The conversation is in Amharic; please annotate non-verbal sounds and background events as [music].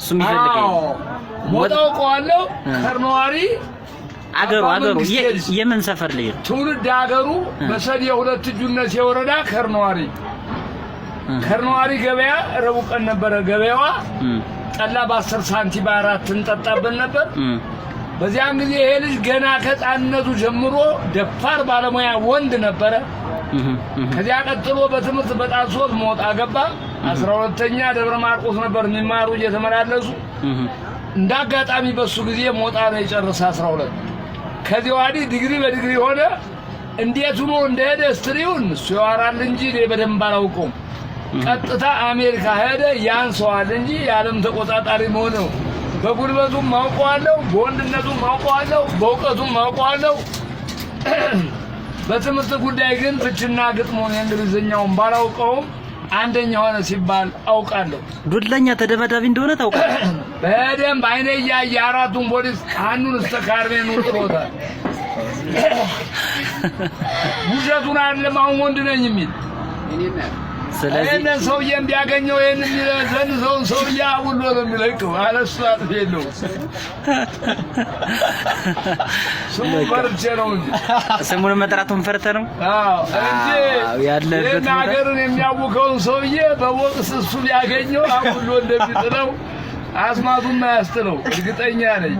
እሱም ይፈልገኝ ሞጣው እቀዋለሁ ከርማዋሪ አገሩ አገሩ የምን ሰፈር ልጅ ትውልድ አገሩ በሰኔ ሁለት እጁነት የወረዳ ከርማዋሪ ከርማዋሪ ገበያ ረቡዕ ቀን ነበረ ገበያዋ። ጠላ በአስር ሳንቲም በአራት እንጠጣበት ነበር። በዚያን ጊዜ ይሄ ልጅ ገና ከሕፃንነቱ ጀምሮ ደፋር ባለሙያ ወንድ ነበረ። ከዚያ ቀጥሎ በትምህርት በጣም ሶስት ሞጣ ገባ። አስራ ሁለተኛ ደብረ ማርቆስ ነበር የሚማሩ እየተመላለሱ እንደ አጋጣሚ በሱ ጊዜ ሞጣ ነው የጨረሰ አስራ ሁለት ከዚህ ወዲህ ዲግሪ በዲግሪ ሆነ። እንዴት ሆኖ እንደሄደ ስትሪውን እሱ ያወራል እንጂ እኔ በደንብ አላውቀውም። ቀጥታ አሜሪካ ሄደ። ያን ሰዋል እንጂ የዓለም ተቆጣጣሪ መሆን ነው። በጉልበቱም ማውቀዋለሁ፣ በወንድነቱም ማውቀዋለሁ፣ በእውቀቱም ማውቀዋለሁ። [clears throat] በትምህርት ጉዳይ ግን ፍችና ግጥሞን የእንግሊዝኛውን ባላውቀውም አንደኛ ሆነ ሲባል አውቃለሁ። ዱለኛ ተደባዳቢ እንደሆነ ታውቃለህ [clears throat] በደንብ አይኔ እያየ አራቱን ፖሊስ አንዱን እስከ ካርቤን ውጥሮታል። [clears throat] ውሸቱን አይደለም አሁን ወንድ ነኝ የሚል ይህንን ሰውዬ ቢያገኘው ይህን የሚለዘን ሰውን ሰውዬ አውሎ ነው የሚለቀው። አለሱ አጥፍ የለው ስሙ ፈርቼ ነው እንጂ ስሙን መጥራቱን ፈርተ ነው እንጂ ይህን ሀገርን የሚያውከውን ሰውዬ በወቅስ እሱ ቢያገኘው አውሎ እንደሚጥለው አስማቱን ማያስጥለው እርግጠኛ ነኝ።